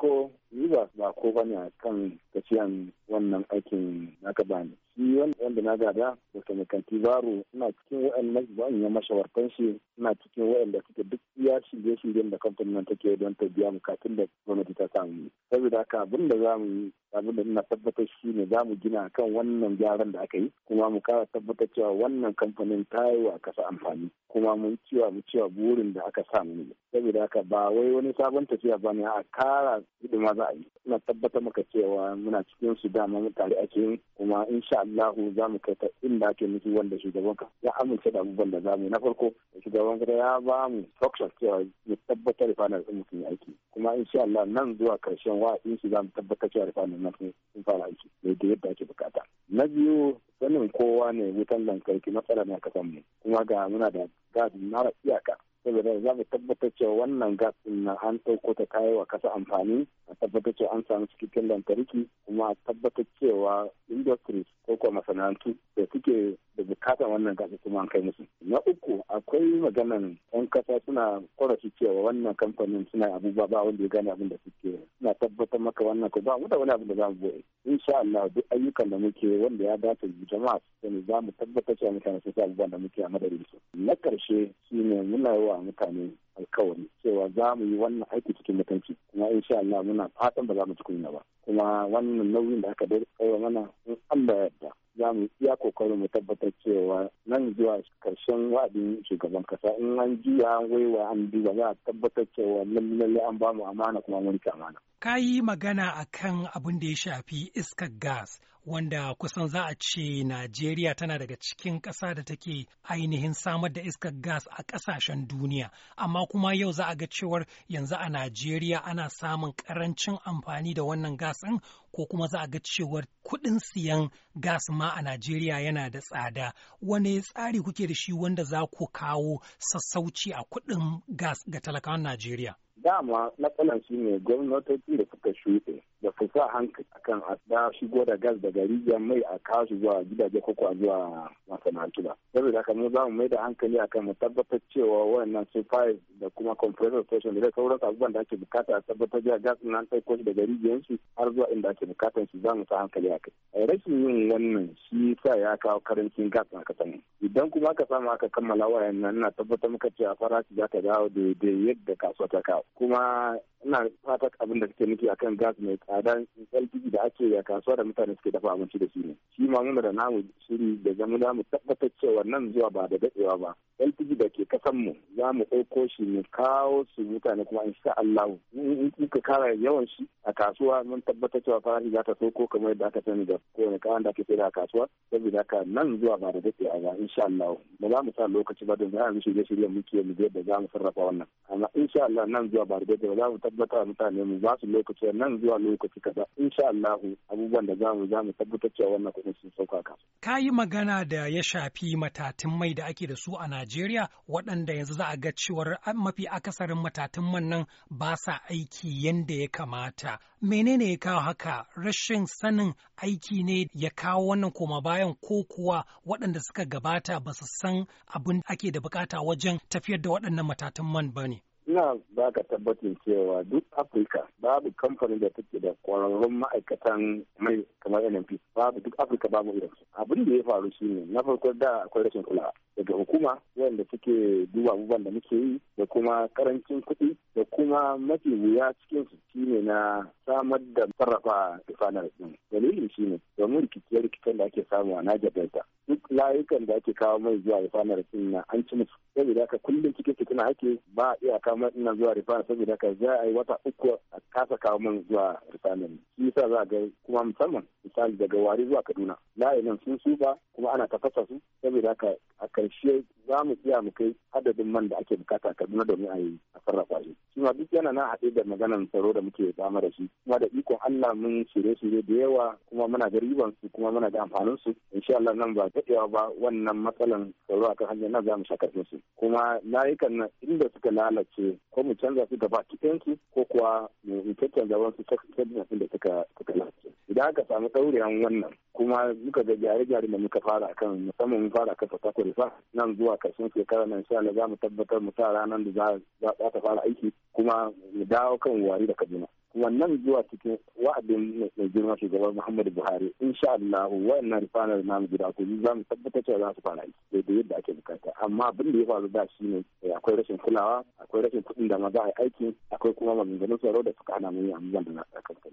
farko yi ba ko bane a kan tafiyan wannan aikin naka bani shi wanda na gada da mekanti baro ina cikin wa'annan bain ya mashawartan shi ina cikin wa'anda suke duk iya shirye shiryen da kamfanin nan take don ta biya bukatun da gwamnati ta samu saboda haka abin da za mu yi abin da ina tabbatar shi ne za mu gina kan wannan gyaran da aka yi kuma mu kara tabbatar cewa wannan kamfanin ta yi wa kasa amfani kuma mun cewa mu cewa burin da aka samu ne saboda haka ba wai wani sabon tafiya ba ne a kara hidima za a yi na tabbatar maka cewa muna cikin su dama mutane ake kuma insha Allah za mu kai ta inda ake nufi wanda shugaban ka ya amince da abubuwan da za mu na farko da shugaban ka ya ba mu structure cewa mu tabbatar da fanar din mutum aiki kuma insha Allah nan zuwa karshen wa'adin shi za mu tabbatar cewa fanar nan sun fara aiki da yadda ake bukata na biyu sanin kowa ne wutan lantarki matsala na kasan mu kuma ga muna da gadi mara iyaka saboda za mu tabbatar cewa wannan gas na an ɗauko ta kayo wa kasa amfani a tabbatar cewa an samu cikakken lantarki kuma a tabbatar cewa industries ko kuma masana'antu da suke da bukatar wannan gas kuma an kai musu na uku akwai maganan yan kasa suna korafi cewa wannan kamfanin suna abubuwa ba wanda ya gane abin da suke suna tabbatar maka wannan ko ba mu wani abin da za mu boye insha Allah duk ayyukan da muke wanda ya dace jama'a su sani za mu tabbatar cewa mutane sun sa abubuwan da muke a madadin su na karshe shine muna yi wa mutane alkawari cewa za mu yi wannan aiki cikin mutunci kuma insha Allah muna fatan ba za mu ci kunya ba kuma wannan nauyin da aka dai mana in Allah ya yarda za mu iya kokarin mu tabbatar cewa nan zuwa karshen wa'adin shugaban kasa in an juya an waiwa an duba za a tabbatar cewa lallai an ba mu amana kuma mun amana. Ka yi magana akan abin da ya shafi iskar gas wanda kusan za a ce Najeriya tana daga cikin ƙasa da take ainihin samar da iskar gas a ƙasashen duniya. Amma kuma yau za a ga cewar yanzu a Najeriya ana samun ƙarancin amfani da wannan gas ɗin ko kuma za a ga cewar kuɗin siyan gas ma a Najeriya yana da tsada. Wane tsari kuke da shi wanda za ku kawo sassauci a kuɗin gas ga talakawan Najeriya? Dama matsalan shi ne gwamnatoci da suka shuɗe da su sa hankali akan a shigo da gas daga rijiyar mai a kasu zuwa gidaje ko kuwa zuwa masana'antu ba saboda haka mu za mu mai da hankali akan mu tabbatar cewa wannan sun da kuma compressor station da sauran abubuwan da ake bukata a tabbatar da gas nan sai ko daga rijiyar su har zuwa inda ake bukatar su za mu sa hankali akai eh, rashin yin wannan shi sa ya kawo karancin gas a kasan idan kuma aka samu aka kammala wayannan na tabbatar muka cewa farashi za ta dawo daidai yadda kasuwa ta kawo kuma ina fata abin da suke nufi akan gas mai tsada LPG da ake a kasuwa da mutane suke dafa abinci da shi ne shi ma muna da namu shiri da zamu za mu tabbatar cewa nan zuwa ba da dadewa ba LPG da ke kasan mu za mu ɗauko shi mu kawo su mutane kuma insha Allah in ka kara yawan shi a kasuwa mun tabbatar cewa farashi za ta sauko kamar yadda aka sani da kowane kayan da ake sayar a kasuwa saboda haka nan zuwa ba da dadewa ba insha Allah ba za mu sa lokaci ba da za mu shirye-shirye muke mu da za mu sarrafa wannan amma insha Allah nan zuwa ba da dadewa za mu tabbata mutane mu ba su lokaci nan zuwa lokaci kaza sha Allah abubuwan da zamu mu tabbatar cewa wannan kuɗin sun sauka Ka Ka yi magana da ya shafi matatun mai da ake da su a Najeriya waɗanda yanzu za a ga cewa mafi akasarin matatun man nan ba sa aiki yanda ya kamata. Menene ya kawo haka rashin sanin aiki ne ya kawo wannan koma bayan ko kuwa waɗanda suka gabata ba su san abin ake da bukata wajen tafiyar da waɗannan matatun man ba ne. ina ba ka tabbatin cewa duk afirka babu kamfanin da take da kwararrun ma'aikatan mai kamar nnp babu duk afirka babu irin abin da ya faru shine na farko da akwai rashin kulawa daga hukuma wanda suke duba abubuwan da muke yi da kuma karancin kuɗi da kuma mafi wuya cikin su shine na samar da sarrafa tufanar din dalilin shine domin rikice-rikicen da ake samu a Niger Delta duk layukan da ake kawo mai zuwa refinery din na an ci musu saboda haka kullum cikin fitina ake ba a iya kawo mai ina zuwa refinery saboda haka za a yi wata uku a kasa kawo man zuwa refinery shi yasa za ga kuma musamman misali daga wari zuwa kaduna layi nan sun ba kuma ana tafasa su saboda haka a karshe za mu iya mu kai adadin man da ake bukata a kaduna domin a yi a sarrafa shi shi duk yana na haɗe da maganar tsaro da muke fama da shi kuma da ikon Allah mun shirye-shirye da yawa kuma muna da ribansu kuma muna da amfanin su insha Allah nan ba daɗewa ba wannan matsalan tsaro a kan hanyar nan za mu karfin su kuma layukan nan inda suka lalace ko mu canza su gaba su ko kuwa mu canza su da suka lalace idan aka samu ɗaurewan wannan kuma muka ga gyare-gyare da muka fara akan musamman mun fara kafa takwari fa nan zuwa karshen shekara nan insha Allah za mu tabbatar mu sa ranar da za ta fara aiki kuma mu dawo kan wari da Kaduna. wannan zuwa cikin wa'adin mai girma shugaban muhammadu buhari in sha allahu wayannan rifanar namu gida ko za mu tabbatar cewa za su fara yi daidai yadda ake bukata amma abin da ya faru da shi ne eh, akwai rashin kulawa akwai rashin kuɗin da ma za a yi aiki akwai kuma maganganun tsaro da suka hana mu yi amuzan da na tsakar